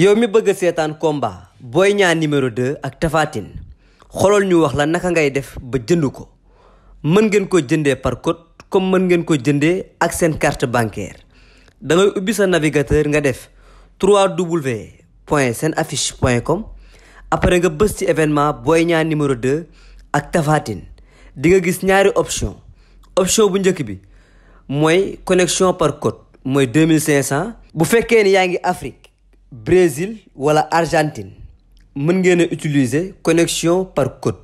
yow mi bëgg a seetaan combat booy Niang numéro 2 ak Tapha Tine ñu wax la naka ngay def ba jënd ko mën ngeen ko jëndee par code comme mën ngeen ko jëndee ak seen carte bancaire da ubbi sa navigateur nga def point affiche comme après nga bës ci événement booy Niang numéro 2 ak Tapha Tine di nga gis ñaari option option bu njëkk bi mooy connexion par code mooy 2500 bu fekkee ni yaa ngi Afrique Brésil wala Argentine mën ngeen a utiliser connexion par code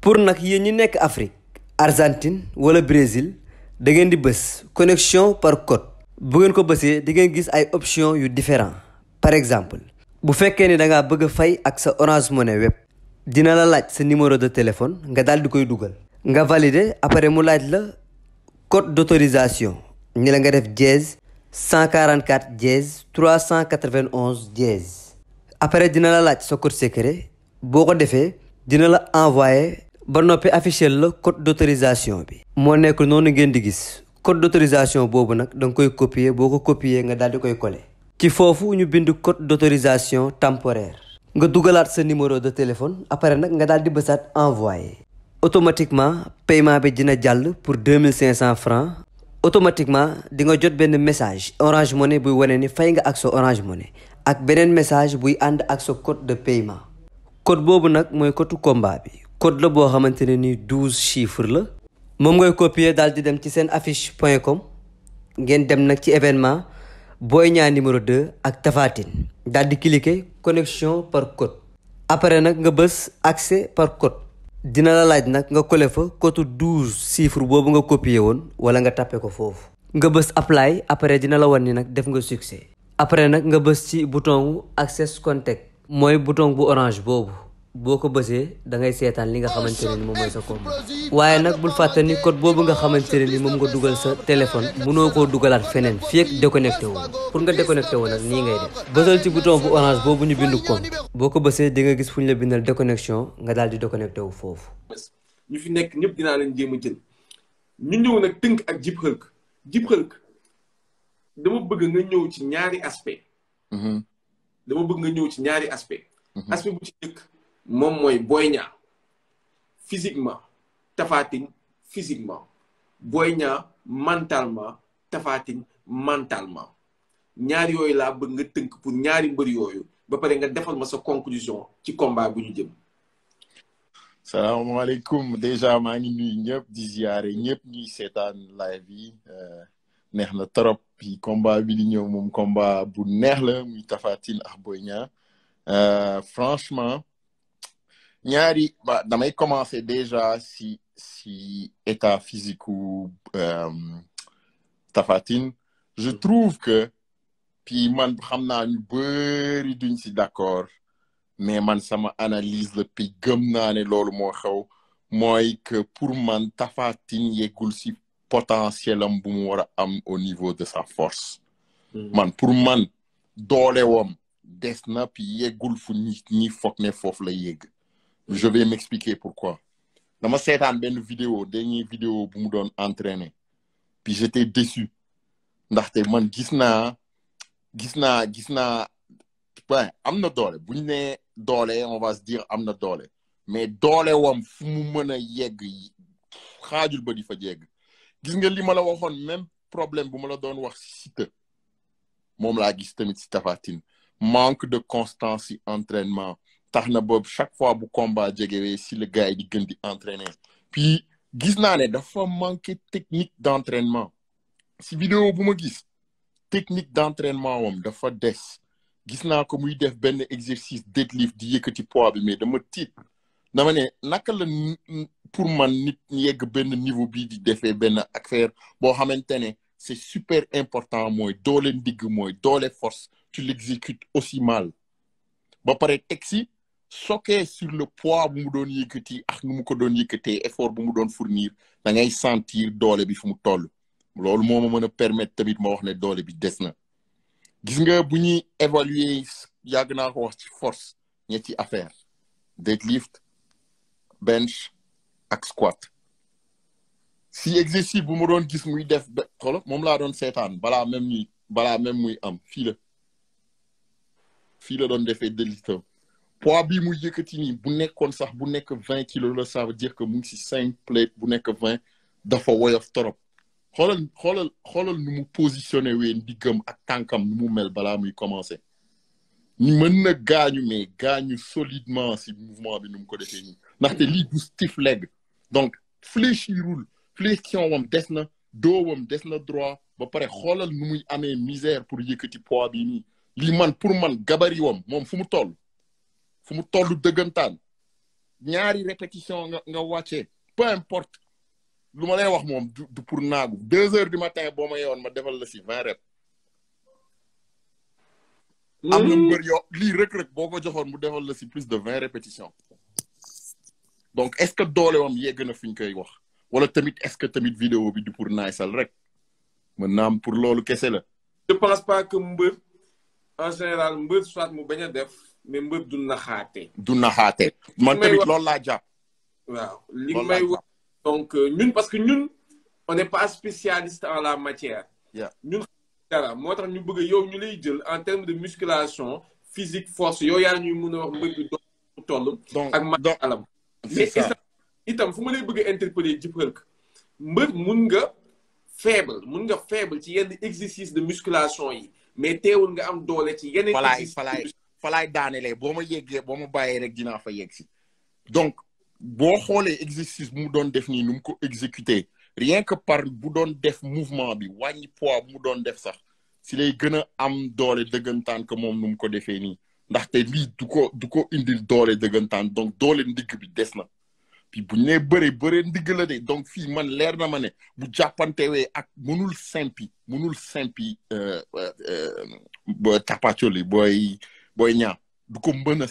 pour nag yéen ñi nekk Afrique Argentine wala Brésil da ngeen di bës connexion par code bu ngeen ko bësee di ngeen gis ay options yu différent par exemple bu fekkee ne da ngaa bëgg a fay ak sa Orange Money web dina la laaj sa numéro de téléphone nga daal di koy dugal nga valider après mu laaj la code d'autorisation ñu la nga def dièse 144 dièse 391 dièse après dina la laaj sa code secret boo ko defee dina la envoyé ba noppi affiché la code d'autorisation bi moo nekk noonu ngeen di gis code d'autorisation boobu nag da nga koy copier boo ko copier nga daal di koy coller ci foofu ñu bind code d'autorisation temporaire nga dugalaat sa numéro de téléphone après nag nga daal di bësaat envoyé automatiquement paiement bi dina jàll pour 2500 francs automatiquement di nga jot benn message Orange Money buy wane ni fay nga ak sa Orange Money ak beneen message buy ànd ak sa code de paiement code boobu nag mooy code combat bi code la boo xamante ne ni douze chiffres la moom ngay copier daal di dem ci seen affiche point com ngeen dem nag ci événement booy Niang numéro 2 ak Tapha Tine daal di cliquer connexion par code après nag nga bës accès par code dina la laaj nag nga coller fa code douze chiffres boobu nga copier woon wala nga tapé ko foofu nga bës apply après dina la wan ni nag def nga succès après nag nga bës ci bouton access contact mooy bouton bu orange boobu boo ko bësee da seetaan li nga xamante ne ni moom mooy sa combat waaye nag bul fàtte ni code boobu nga xamante ne ni moom nga dugal sa téléphone mënoo koo dugalaat feneen fii ak déconnecté wu pour nga déconnecté wu nag nii ngay def bësal ci boobu ñu bindu compte boo ko bësee di nga gis fu ñu bindal déconnexion nga daal di déconnecté wu foofu ñu fi nekk ñëpp dinaa leen jéem a jël ñu ñëw nag tënk ak jib xëlk jib bëgg nga ñëw ci ñaari aspect dama bëgg nga ñëw ci ñaari aspect mhm. mhm. aspect bu ci njëkk moom mooy Boy Niang physiquement tafaatin Tine physiquement Boy Niang mentalement Tapha Tine mentalement ñaar yooyu laa bëgg nga tënk pour ñaari mbër yooyu ba pare nga defal ma sa conclusion ci combat bu ñu jëm salaamaaleykum déjà maa ngi nuyu ñëpp di ziare ñëpp ñuy seetaan live yi euh, neex na trop yi combat bi di ñëw moom combat bu neex la muy Tapha Tine ak Boy Niang euh, franchement ñaari damay commencer déjà si si état physique ou euh, je mhm. trouve que puis man xam naa ñu bëri duñ si d'accord mais man sama analyse la pi gëm naa ne loolu moo xew mooy que pour man tafaatin yeggul si potentiel am bu mu war a am au niveau de sa force. Mhm. man pour man doole wam des na puis yeggul fu ñi ñi foog ne foofu la yegg. je vais m'expliquer pourquoi dama seetaan benn vidéo dernier vidéo bu mu doon entraîner puis j'étais déçu ndaxte man gis naa gis naa gis naa ouais am na doole bu ñu nee doole on va se dire am na doole mais doole wam fu mu mën a yegg xaajul ba di fa yegg gis nga li ma la waxoon même problème bu ma la doon wax Siteu moom laa gis tamit si Tapha Tine manque de constance si entraînement tax na boobu chaque fois bu combat jegewee si le gars yi di gën di entraîner puis gis naa ne dafa manqué technique d' entraînement si vidéo bu ma gis technique d' entraînement wam dafa des gis naa ko muy def benn exercice deadlift di yëkkati poids bi mais dama tiit dama ne naka la pour man nit yegg benn niveau bii di defee benn affaire boo xamante ne c' est super important mooy doole ndigg mooy doole force tu l' aussi mal ba pare teg soke sur le poids bu mu doon yëkkati ak nu mu ko doon yëkkatee effort bu mu doon fournir da ngay sentir doole bi fu mu toll loolu moo ma mën a permettre tamit ma wax ne doole bi des na gis nga bu ñuy évaluer yàgg naa ko wax ci force ñetti affaire deadlift bench ak squat si exercice bu mu doon gis muy def ba xolo moom laa doon seetaan balaa même muy am fii la fii la doon defee deadlift poids bi mu yëkkati nii bu nekkoon sax bu nekk vingt kilos la ça veut dire que mu si cinq plate bu nekk vingt dafa woyof torop xoolal xoolal xoolal nu mu positionné wee ndiggam ak tànkam nu mu mel balaa muy commencé ni mën na gaañu mais gaañu solidement si mouvement bi nu mu ko defee nii ndaxte lii du stiff leg donc fléchirul flexion wam des na doowam des na droit ba pare xoolal nu muy amee misère pour yëkkati pois bi nii lii man pour man gabari wam moom fu mu toll fu mu toll dëggantaan ñaari répétition nga nga wàccee peu importe lu ma lay wax moom du pour naagu deux heures du matin boo ma yeewoon ma defal la si vingt rep mm-hmm. am na mbër yo lii rëk-rëk boo ko joxoon mu defal la si plus de vingt répétition donc est-ce que doole wam yegg na fi ñu koy wax wala tamit est-ce que tamit vidéo bi du pour sal rek mën naa am pour loolu kese la je pense pas que mbër en général mbër soit mu bañ a def mais mbër du naxaate. du naxaate man tamit loolu laa jàpp. waaw li wax donc euh, ñun parce que ñun on n'est pas spécialiste en la matière. ñun dara moo tax ñu bëgg yow ñu lay jël en termes de musculation physique force yow yaa ñuy mun a wax mbëb bi doon toll. ak ma alam itam fu ma lay bëgg a interpeller jub mun nga faible mun nga faible ci yenn exercice de musculation yi mais teewul nga am doole ci yenn. exercice fa laay daanelee boo ma yeggee boo ma bàyyee rek dinaa fa yegg si donc boo xoolee exercice bu mu doon def nii nu ko exécuter rien que par bu doon def mouvement bi wàññi poids bu mu doon def sax si lay gën a am doole dëggantaan que moom num ko defee nii ndaxte lii du ko du ko indil doole dëggantaan donc doole ndigg bi des na puis bu ñu nee bëree bëree ndigg la de donc fii man leer na ma ne bu jàppantewee ak mënul simpi mënul simpi ba euh, euh, euh, tapacoli booy booy ñaa du ko mën a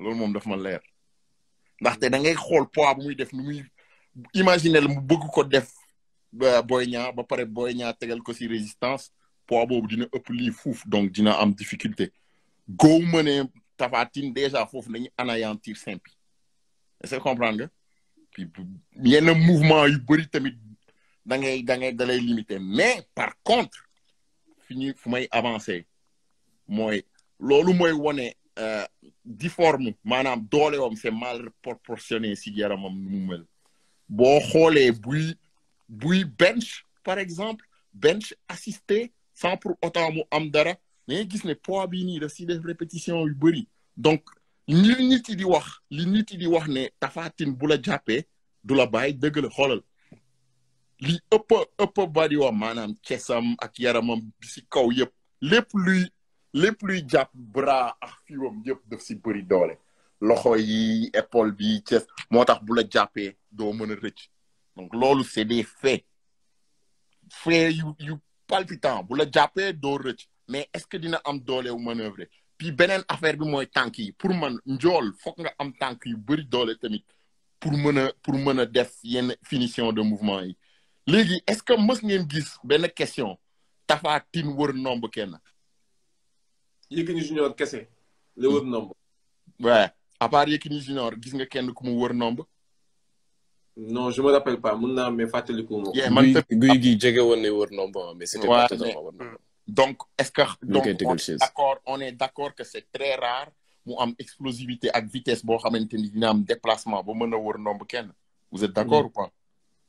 moom daf ma leer ndaxte da ngay xool poids bu muy def nu muy imaginel mu bëgg ko def booy ñaa ba pare booy ñaa tegal ko si résistance poids boobu dina ëpp lii fuuf donc dina am difficulté góow mëne tafatin déjà foofu nañu anéantir simpi est-ce que mouvement yu bëri tamit da ngay da ngay da lay limité mais par contre fu may avancé mooy loolu mooy wane euh, difforme maanaam doolewam c'est mal proportionné si yaramam nu mu mel boo xoolee buy buy bench par exemple bench assisté sans pour autant mu am dara mais gis ne poids bii nii daf si def répétition yu bëri donc li nit di wax li nit yi di wax ne tafaatin bu la jàppee du la bàyyi dëgg la xoolal li ëpp ëpp bari wa maanaam ceesam ak yaramam si kaw yëpp lépp luy lépp luy jàpp bras ak fiwam yëpp daf si bëri doole loxo yi épaule bi chest moo tax bu la jàppee doo mën a rëcc donc loolu c'est des faits faits yu yu palpitant bu la jàppee doo rëcc mais est-ce que dina am doole wu manœuvre puis beneen affaire bi mooy tànk yi pour man njool foog nga am tànk yu bëri doole tamit pour mën a pour mën a def yenn finition de mouvement yi léegi est-ce que mës ngeen gis benn question Tapha Tine war nomb kenn Yékini Junior kese la wër nomb. waaw à part Yékini Junior gis nga kenn ku mu wër nomb. non je me rappelle pas mun naa mais fàttaliku ma. man guy gi jege woon na wër nomb mais c'était pas totalement donc est-ce que donc on est d'accord on est d'accord que c'est très rare mu am explosivité ak vitesse boo xamante ni dina am déplacement ba mën a wër nomb kenn. vous êtes d'accord mm. ou pas.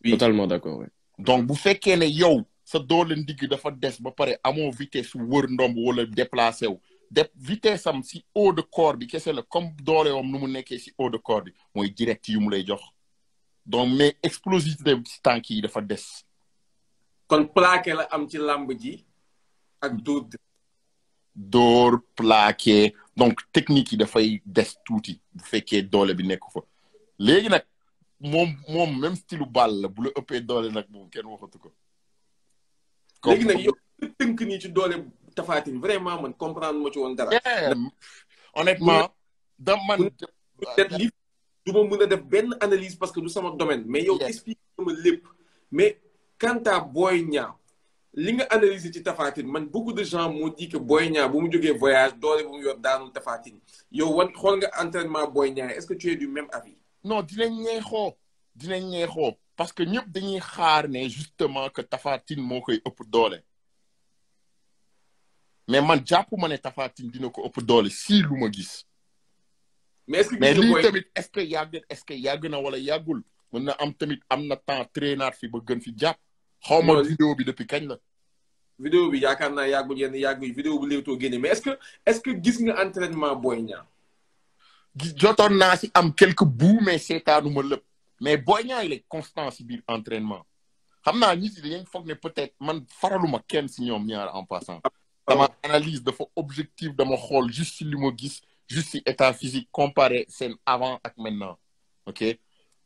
totalement d'accord oui. donc bu fekkee ne yow sa doole ndigg dafa des ba pare amoo vitesse wër ndomb wala déplacé wu. def vitesse am si haut de corps bi kese la comme doole wam nu mu nekkee si haut de corps bi mooy direct yu mu lay jox donc mais explosivité si tànk yi dafa des. kon plaqué la am ci làmb ji ak dóor. dóor donc technique yi dafay des tuuti bu fekkee doole bi nekku fa léegi nag moom moom même style bal la bu la ëppee doole nag moom kenn waxatu ko. léegi nag yow tënk nii ci doole Tapha vraiment man comprendre ma ci woon dara. honnêtement. da man li du ma mën a def benn analyse parce que du sama domaine mais yow explique ma lépp mais quant booy Boy li nga analyser ci Tapha man beaucoup de gens moo dit que Boy Niang bu mu jógee voyage doole bu mu yor daanul Tapha Tine yow wan xool nga entraînement Boy Niang est-ce que tu es du même avis non dinañ ñeexoo dinañ ñeexoo parce que ñëpp dañuy xaar ne justement que Tapha moo koy ëpp doole mais man jàpp ma ne Tapha Tine dina ko ëpp doole si lu ma gis. mais est-ce que mais lii tamit est-ce que yàgg est-ce que yàgg na wala yàggul mën na am tamit am na temps traînaat fi ba gën fi jàpp. xaw ma vidéo bi depuis kañ la. vidéo bi yaakaar naa yàggul yenn yàggul vidéo bu Leewtoo génne mais est-ce que est-ce que gis nga entraînement Boy Niang. jotoon naa si am quelques bouts mais seetaanu ma lépp mais Boy Niang il est constant si biir entraînement xam naa ñi si dañu foog ne peut-être man faralu ma kenn si ñoom ñaar en passant. dama analyse dafa objectif dama xool si li ma gis juste si état physique comparé seen avant ak maintenant ok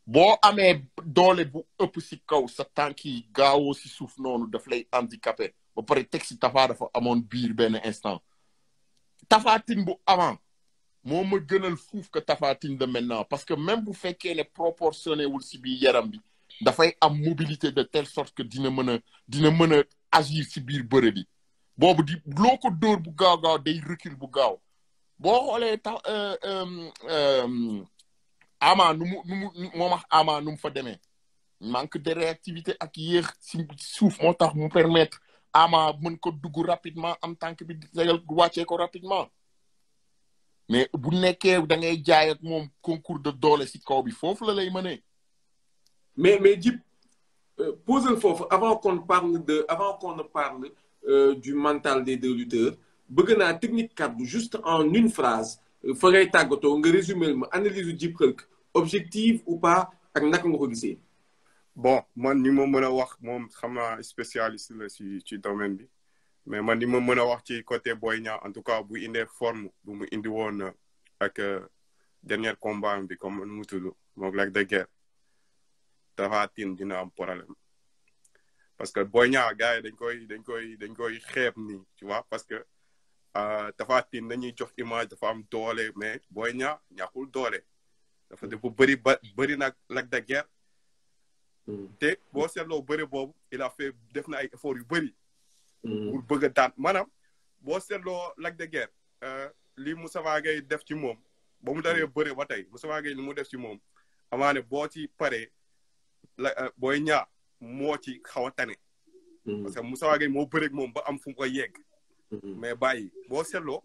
boo amee doole bu ëpp si kaw sa tànk yi gaawoo si suuf noonu daf lay handicapé ba pare teg si Tapha dafa amoon biir benn instant Tapha bu avant moo ma gënal fuuf que Tapha Tine de maintenant parce que même bu fekkee ne proportionné wul si biir yaram bi dafay am mobilité de tell sorte que dina mën a dina mën a agir si biir bëre bi boobu di loo ko dóor bu gaaw gaaw day recul bu gaaw boo xoolee tax euh, euh, euh, ama nu mu nu mu moom wax ama nu mu fa demee manque de réactivité ak yéex si suuf moo tax mu permettre ama mën ko dugg rapidement am tànk bi segal wàccee ko rapidement mais bu nekkee da ngay jaay ak moom concours de doole si kaw bi foofu la lay mënee. mais mais Djib posez foofu avant qu'on parle de avant qu'on ne parle Euh, du mental des deux lutteurs bëgg naa technique kaddu juste en une phrase euh, fa ngay tàggatoo nga résumer ma analyse Jip Hulk objective ou pas ak naka nga ko gisee. bon man ni ma mën a wax moom xam naa spécialiste la ci ci domaine bi mais man ni ma mën a wax ci côté Boy Niang en tout cas bu indee forme bu mu indi woon euh, ak dernier combat bi comme nu mu tudd moom Lac de Guiers Tapha dina am problème. parce que Boy Niang gars yi dañ koy dañ koy dañ koy xeeb nii tu vois parce que euh, Tapha Tine nañuy jox image dafa am doole mais Boy Niang ñàkkul doole dafa dafa ba bari nag Lac de mm. te boo seetloo bëri boobu il a fait def na ay effort yu bëri mm. pour bëgg a daan maanaam boo seetloo Lac de Guiers euh, li Moussa Gueye def ci moom ba mu daree mm. bëre ba tey Moussa Gueye li mu def ci moom amaane boo ci paree la euh, Boy Niang moo ci xaw a tane. Mm-hmm. parce que Moussa Gueye moo bëreeg moom ba am fu mu koy yegg. Mm-hmm. mais bàyyi boo seetloo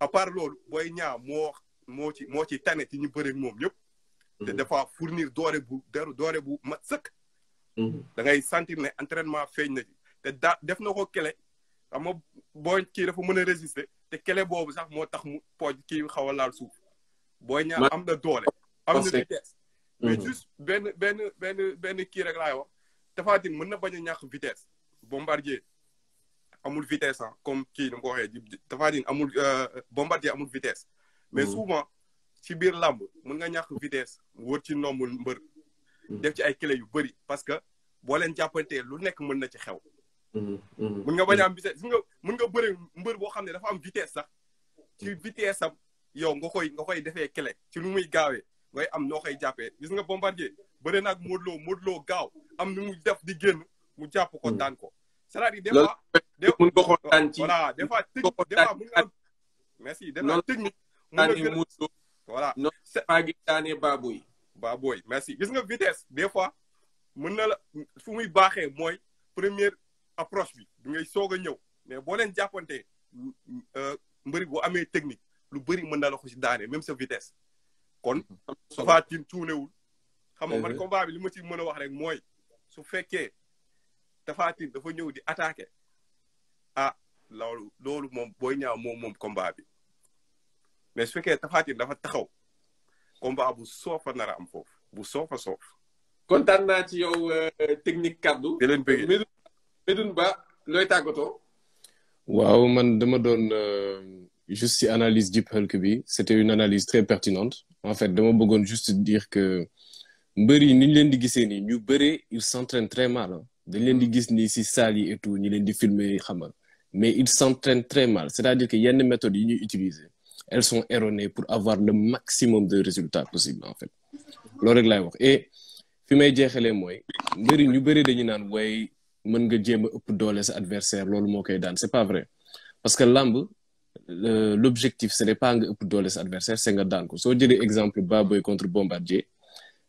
a part loolu booy ñaa moo moo ci moo ci tane ci ñu bëreeg moom ñëpp. te mm-hmm. dafa fournir doore bu doore bu mat sëkk. da ngay sentir ne entraînement feeñ na ci te daa def na ko kele xam boo kii dafa mën a résister te kele boobu sax moo tax mu pooj kii xaw a laal suuf. booy ñaa am da doole. am na vitesse mais juste benn benn benn benn kii rek laay wax. Tapha Tine mën na bañ a ñàkk vitesse bombardier amul vitesse ah comme kii nu mu ko waxee Tapha Tine amul euh, bombardier amul vitesse. mais mm-hmm. souvent ci biir làmb mën nga ñàkk vitesse wër ci ndombul mbër. Mm-hmm. def ci ay clé yu bëri parce que boo leen jàppantee lu nekk mën na ci xew. Mm-hmm. mën nga bañ a am vitesse nga mën nga bëri mbër boo xam ne dafa am vitesse sax ci vitesse am yow nga koy nga koy defee kile ci lu muy gaawee am noo koy jàppee gis nga bombardier bëri naag Modou Lo Modou Lo gaaw. am nu mu def di génn mu jàpp ko hmm. daan ko. c'est-à-dire des fois. loolu mën nga daan ci voilà technique des fois mën nga. merci des fois technique. mën nga gën voilà noonu maa ngi daanee baaboy. merci gis nga vitesse des fois mën na la fu muy baaxee mooy première approche bi du ngay soog a ñëw mais boo leen jàppante euh, mbëri bu amee technique lu bëri mën na la ko si daanee même sa vitesse. kon Tapha Tine cuunewul. xam nga man combat bi li ma ci mën a wax rek mooy. su fekkee Tapha dafa ñëw di attaqué ah loolu loolu moom Boy Niang moom moom combat bi mais su fekkee Tapha Tine dafa taxaw combat bu soofa nar a am foofu bu soofa soof kontaan naa ci yow euh, technique kaddu. di leen Ba looy tàggatoo. waaw man dama doon euh, juste ci analyse Deep Hulk bi c'était une analyse très pertinente en fait dama bëggoon juste dire mbër yi ni leen di gisee ni ñu bëree ils s'entraînent très mal dañ leen di mm. gis nii si salle yi et tout leen di filmer xamal mais ils s'entraînent très mal c'est-à-dire que yenn méthodes yi ñuy utiliser elles sont erronées pour avoir le maximum de résultats possibles en fait loolu rek laay wax et fi may jeexele mooy mbër yi ñu bëri dañu naan way mën nga jéem a ëpp doole sa adversaire loolu moo koy daan c'est pas vrai parce que làmb l'objectif ce n'est pas nga ëpp doole sa adversaire nga daan ko soo jëlee exemple Baboy contre Bombardier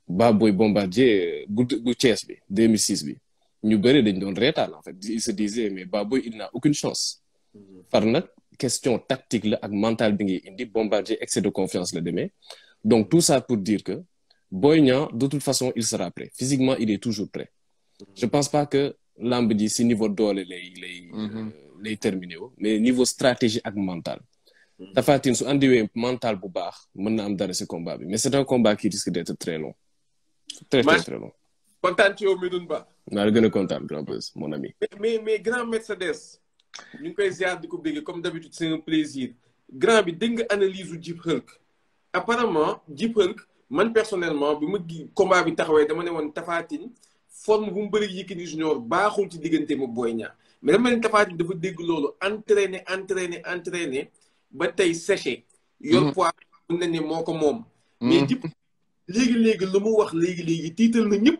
Baboy Bombardier bu bu Thiès bi 2006 bi ñu bëri dañ doon reetaan en fait il se disait mais Baboy il n'a aucune chance far mm-hmm. nag question tactique la ak mental bi ngi indi Bombardier excès de confiance la demee donc tout ça pour dire que booy Niang de toute façon il sera prêt physiquement il est toujours prêt mm-hmm. je pense pas que lamb ji si niveau doole lay lay mm-hmm. euh, lay terminé wu mais niveau stratégie ak mental Tapha Tine su andiwee mental bu baax mën na am dara si combat bi mais c'est très très très bon. kontaan ci Ba. naa gën kontaan grand plus mon ami. mais mais grand Mercedes. ñu ngi koy ziar di ko béggee comme d'habitude c'est un plaisir. grand bi dégg nga analyse u Jib Hulk. apparemment Jib Hulk man personnellement bi ma combat bi taxawee dama ne woon tafaatin Tine forme bu mu bëri Yékini Junior baaxul ci diggante mu booy Niang mais dama leen Tapha Tine dafa dégg loolu entraîné entraîné entraîné ba tey séché. yor mhm. poids mun na ne moo ko moom. Mhm. mais Jib léegi-léegi lu mu wax léegi-léegi tiital na ñëpp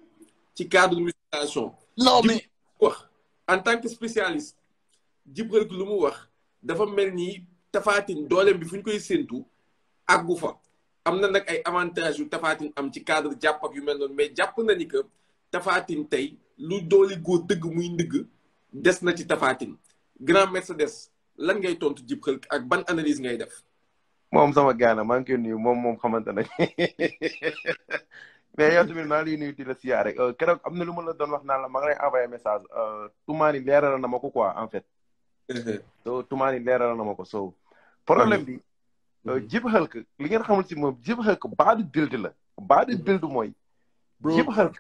ci cadre musculation non mais wax en tant que spécialiste Djibril lu mu wax dafa mel ni tafaatin dooleem bi fu ñu koy séntu àggu fa am na nag ay avantages yu tafaatin am ci cadre jàpp yu mel noonu mais jàpp na ni que tafaatin tey lu dooli góor dëgg muy ndigg des na ci tafaatin grand Mercedes lan ngay tontu Djibril ak ban analyse ngay def moom sama gaana maa ngi koy nuyu moom moom xamante ne mais yow tamit naa ngi lay nuyu di la siyaar rek euh, keroog am na lu ma la doon wax naan la ma ngi lay envoyé message euh, Toumani leeral na ma ko quoi en fait. so Toumani na ma ko pour problème bi. Euh, jib Xalk li ngeen xamul si moom Jib Xalk baadu build la. baadu build mooy. Jib Xalk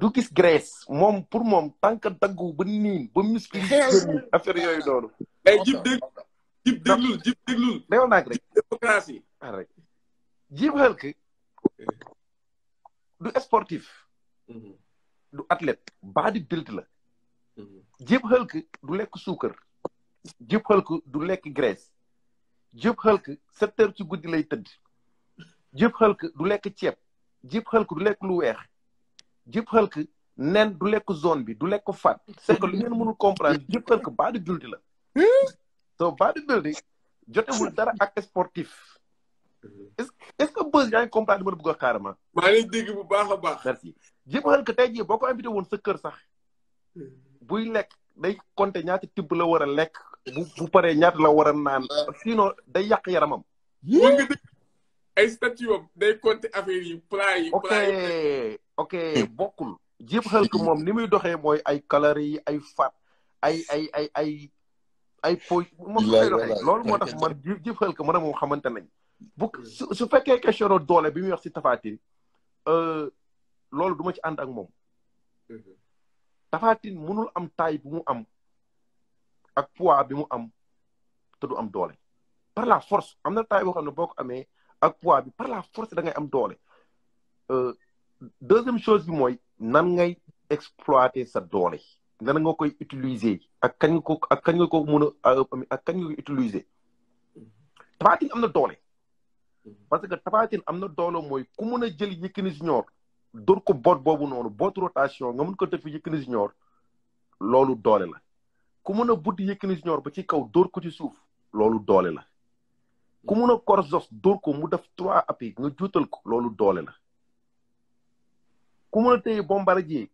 du gis graisse moom pour moom tànk daggu ba niin ba muscle affaire yooyu noonu. mais jib dëgg jib déglul jib déglul. déglu naag rek jib xel ah, du sportif. Mm-hmm. du athlète baadi build la. Mm-hmm. jib xel du lekk suukar. jib xel du lekk graisse. jib xel secteur ci guddi lay tëdd. jib xel du lekk ceeb. jib xel ki du lekk lu weex. jib xel ki nen du lekk zone bi du lekk fat c'est que lu ngeen mënul comprendre jib xel ki baadi la. so bodybuilding jotewul dara ak sportif. est-ce que buzz yaa ngi comprendre li ma la bëgg a carrément. maa ngi dégg bu baax a baax. merci jéemal que tey jii boo ko invité woon sa kër sax. buy lekk day compter ñaata tibb la war a lekk. bu bu paree ñaata la war a naan. sinon day yàq yaramam. mën nga dégg ay statut ok ok bokkul. jéemal que moom ni muy doxee mooy ay calories ay fat ay ay ay ay. ay poy moom waxee loolu moo tax man jëf xel ko mën a moom xamante nañ bu su fekkee question doole bi muy wax si tafaatin euh, loolu duma ci ànd ak moom mhm. tafaatin mënul am tay bi mu am ak poids bi mu am te du am doole par la force am na taay boo xam ne boo ko amee ak poids bi par la force da ngay am doole euh, deuxième chose bi mooy nan ngay exploiter sa doole lan nga koy utiliser ak kañ ko ak kañ ko mën a ak kañ nga koy utiliser Tapha Tine am na doole. Mm-hmm. parce que Tapha Tine am na doole mooy ku mën a jël Yékini Junior dóor ko boot boobu noonu boot rotation nga mën ko def Yékini Junior loolu doole la ku mën a buddi Yékini Junior ba ci kaw dóor ko ci suuf loolu doole la. ku mun a kor jos dóor ko mu def trois appuis nga juutal ko loolu doole la ku mun a téye bombardier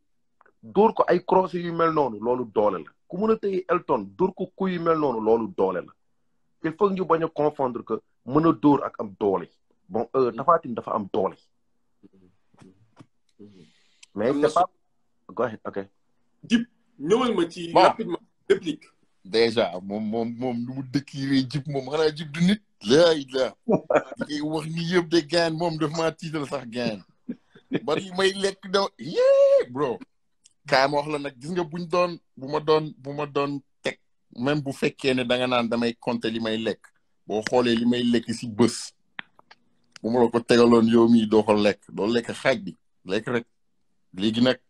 dóor ko ay crossé yu mel noonu loolu doole la ku mën a tëye Elton dóor ko ku yi mel noonu loolu doole la il faut ñu bañ a confondre que mën a dóor ak am doole bon euh, mm-hmm. Tapha Tine dafa am doole. Mm-hmm. Mm-hmm. mais c'est pas go ahead ma ci. rapidement réplique. déjà mu décrire Dip moom xanaa Dip du wax ni yëpp de moom daf maa tiital sax gaan bari may lekk daw yee kaay ma la nag gis nga buñ doon bu ma doon bu ma doon teg même bu fekkee ne da nga naan damay compter li may lekk boo xoolee li may lekk si bës bu ma la ko tegaloon yow mii doo ko lekk doo lekk xaaj bi lekk rek léegi nag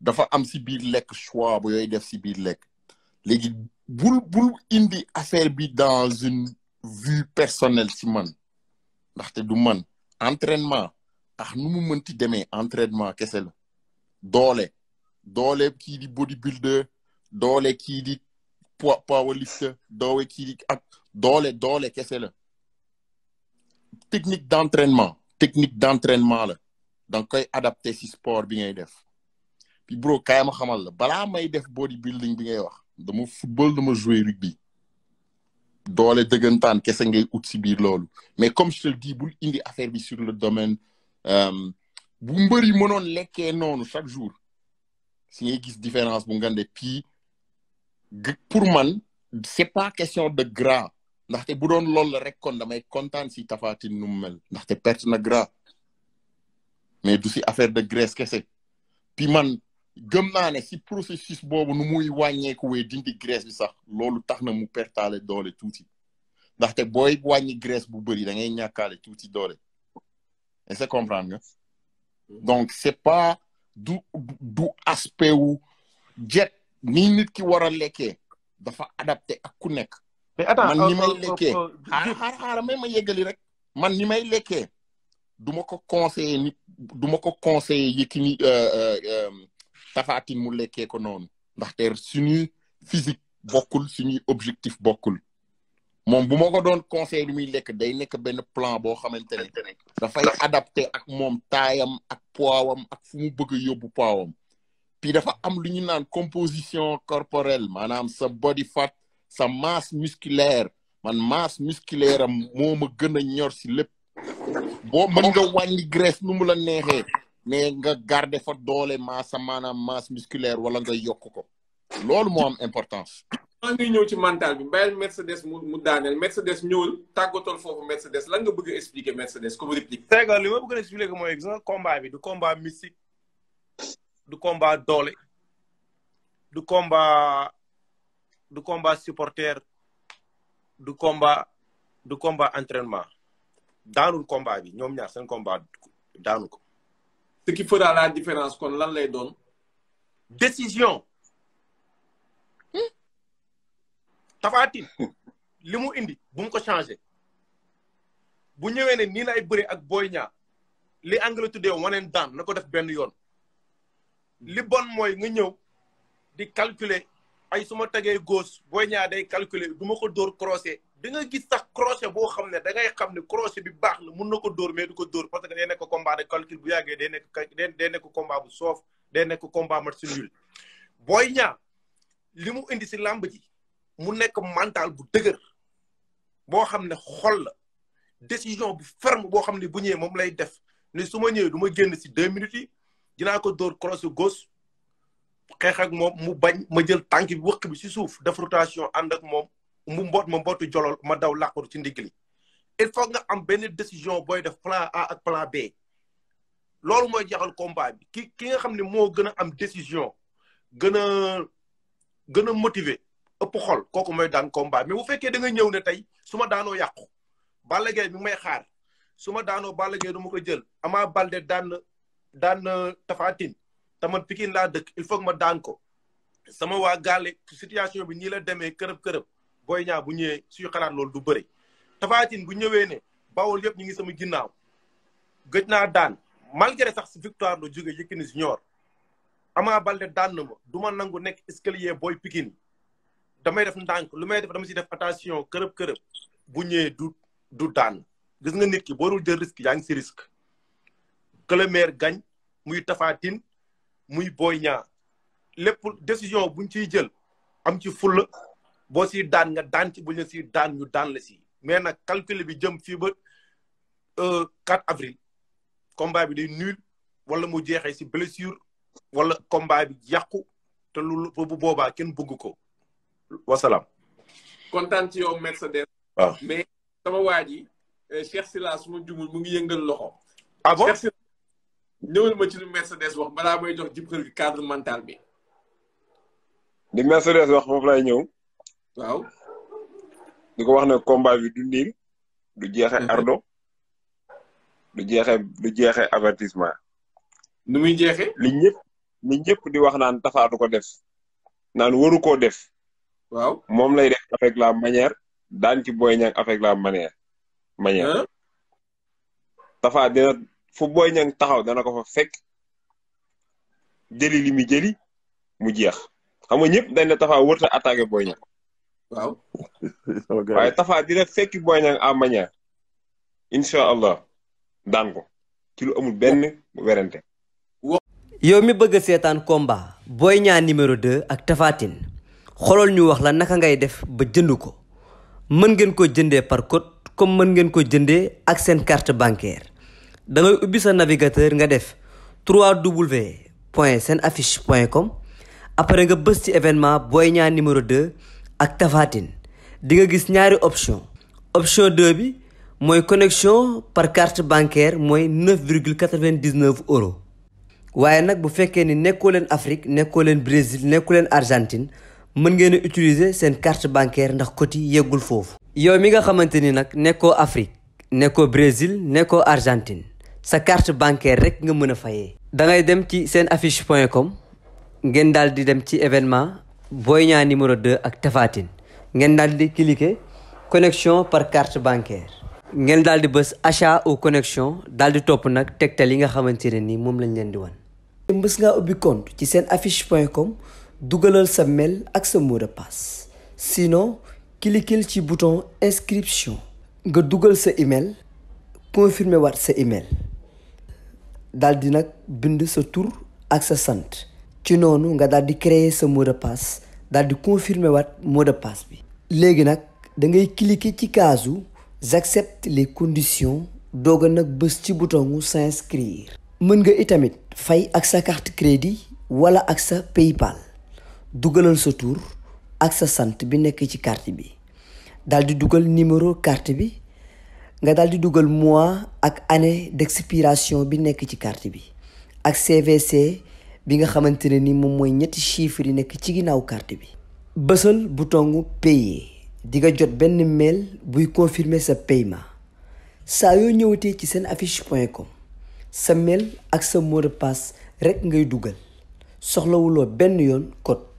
dafa am si biir lekk choix bu yooyu def si biir lekk léegi bul bul indi affaire bi dans une vue personnel si man ndaxte du man entrainement ax nu mu mënti demee entraînement kese la doole doole kii di bodybuilder doole kii di poids powerlifter doole kii ak doole doole kese la technique d'entraînement technique d'entraînement la danga koy adapté ci sport bi ngay def puis bro kaay ma xamal la balaa may def bodybuilding bi ngay wax dama football dama jouer rugby doole dëggantaan kese ngay ut si loolu mais comme je te le bul indi affaire bi sur le domaine euh, bu mbëri mënoon lekkee noonu chaque jour si ngay gis différence bu ngande pii pour man c'est pas question de gras ndaxte bu doon lool la rek kon damay kontaan si tafaatin nu mu mel ndaxte perte na gras mais du si affaire de graisse kese puis man gëm naa ne si processus boobu nu muy wàññeeku wee dindi graisse bi sax loolu tax na mu pertale doole tuuti ndaxte booy wàññi graisse bu bëri da ngay ñàkkaale tuuti doole est-ce que comprendre mm-hmm. donc c'est pas du du aspect wu jet nii nit ki war a lekkee dafa adapté ak ku nekk. mais attends man ni euh, may euh, lekkee euh, xaaral xaaral may ma yeggali rek. man ni may lekkee du ma ko conseiller nit du ma ko conseiller Yékini Tapha Tine mu lekkee ko noonu ndaxte suñuy physique bokkul suñuy objectif bokkul moom bu ma ko doon conseiller lu muy lekk day nekk benn plan boo xamante ne dafay adapté ak moom taayam poiwam ak fu mu bëgg a yóbbu poiwam puis dafa am lu ñu naan composition corporelle maanaam sa body fat sa masse musculaire man masse musculaire am moom ma gën a ñor si lépp boo mën nga wàññi graisse nu mu la neexee mais nga garder fa doole sa maanaam masse musculaire wala nga yokk ko loolu am importance avant ñuy ñëw ci mental bi bàyyil Mercedes mu mu daaneel Mercedes ñëwul tàggatool foofu Mercedes lan nga bëgg a expliquer Mercedes comme réplique. Sénégal li ma bëgg a expliquer mooy gis nga bi du combat mystique du combat doole du combat du combat supporter du combat du combat entraînement daanul combat bi ñoom ñaar seen combat daanu ko. ce qui fera la kon lan lay doon. décision. tafaatin li mu indi bu mu ko changé bu ñëwee ne nii lay bëri ak Boy ñaa li anglais tuddee waneen daan na ko def benn yoon li bon mooy nga ñëw di calculer ay su ma gos gauche Boy Niang day calculer du ma ko dóor crochet da nga gis sax crochet boo xam ne da ngay xam ne crochet bi baax na mun na ko dóor mais du ko dóor parce que day nekk combat de calcul bu yàggee day nekk day nekk combat bu soof day nekk combat match nul Boy Niang li mu indi si làmb mu nekk mental bu dëgër boo xam ne xol la décision bu ferme boo xam ne bu ñëwee moom lay def ni su ma ñëwee du ma génn si deux minutes yi dinaa ko dóor crosse gauche xeex ak moom mu bañ ma jël tànk bi wëq bi si suuf def rotation ànd ak moom mu mboot ma mbootu jolol ma daw làqatu ci ndigli il faut nga am benn décision booy def plan A ak plan B loolu mooy jaxal combat bi ki ki nga xam ne moo gën a am décision gën a gën a motivé ëpp xol kooku mooy daan combat mais bu fekkee da nga ñëw ne tey su ma daanoo yàqu Balla Gaye mi ngi may xaar su ma daanoo Balla Gaye du ko jël Ama Baldé daan daan tafaatin te man Pikine dëkk il faut que ma daan sama waa gaale situation bi ñii la demee kërëb-kërëb booy ñaa bu ñëwee suy xalaat loolu du bëri tafaatin bu ñëwee ne bawol yëpp ñu ngi sama ginnaaw gëj naa daan malgré sax si victoire la jóge Yékini junior Ama Baldé daan na ma du ma nangu nekk escalier booy Pikine damay def ndànk lu may def dama ci def attention kërëb kërëb bu ñëwee du du daan gis nga nit ki boo dul jël risque yaa ngi si risque. que le gañ muy tafaatin muy booy ñaa lépp décision buñ ciy jël am ci fulla boo si daan nga daan ci buñ si daan ñu daan la si mais nag calcul bi jëm fii ba 4 euh, avril combat bi day nul wala mu jeexee si blessure wala combat bi yàqu te lu bu boobaa kenn bëgg ko wasalaam. kontaan ci yow Mercedes. waaw mais sama waa ji. Eh, Cheikh Sylla su ma jumul mu ngi yëngal loxo. ah bon Cheikh ma ci lu Mercedes wax balaa may jox jib xel cadre mental bi. li Mercedes wax foofu lay ñëw. waaw. di ko wax ne combat bi du niil. du jeexee mhm. ardo du jeexee du jeexee avertissement. nu muy jexe li ñëpp li ñëpp di wax naan Tapha du ko def. naan waru koo def. waaw moom lay def avec la manière daan ci Boy Niang avec la manière manière dina fu Boy Niang taxaw dana ko fa fekk jëli li mu jëli mu jeex xam nga ñëpp dañ ne Tapha wërta attaqué Boy Niang waaw waaye Tapha dina fekki Boy Niang à manière incha allah daan ko ci lu amul benn werante yow mi bëgg a seetaan komba Boy Niang numéro 2 ak Tapha xolool ñu wax la naka ngay def ba jënd ko mën ngeen ko jëndee par code comme mën ngeen ko jëndee ak seen carte bancaire da ubbi sa navigateur nga def www point seen affiche point comme après nga bës ci événement Boy Niang numéro 2 ak Tapha Tine di nga gis ñaari option option 2 bi mooy connexion par carte bancaire mooy 9,99 euros waaye nag bu fekkee ni nekkoo leen Afrique nekkoo leen Brésil nekkoo leen Argentine mën ngeen a utiliser seen carte bancaire ndax côté yeggul foofu. yow mi nga xamante ni nag nekkoo Afrique nekkoo Brésil nekkoo Argentine sa carte bancaire rek nga mën a fayee. da ngay dem ci seen affiche point com ngeen daal di dem ci événement Boy Niang numéro 2 ak Tapha ngeen daal di cliquer connexion par carte bancaire. ngeen daal di bës achat ou connexion daal di topp nag tegtal yi nga xamante ne ni moom lañ leen di wan. mbës ngaa ubbi compte ci seen affiche point com. dugalal sa mail ak sa mot de passe sinon cliquer ci bouton inscription nga dugal sa email confirmer waat sa email daal di nag bind sa tour ak sa sant ci noonu nga daal di créer sa mot passe daal di confirmer waat mot de passe bi léegi nag da ngay cliquer ci kaasu j'accepte les conditions doog a nag bés ci bouton s'inscrire mën nga itamit fay ak sa carte crédit wala ak sa PayPal dugalal sa tur ak sa sant bi nekk ci carte bi daal di dugal numéro carte bi nga daal di dugal mois ak année d'expiration bi nekk ci carte bi ak CVC bi nga xamante ne ni moom mooy ñetti chiffres yi nekk ci ginnaaw carte bi. bësal bouton payer di nga jot benn mail buy confirmer sa paiement saa yoo ñëwatee ci seen affiche point com sa mail ak sa mot de rek ngay dugal soxlawuloo benn yoon code.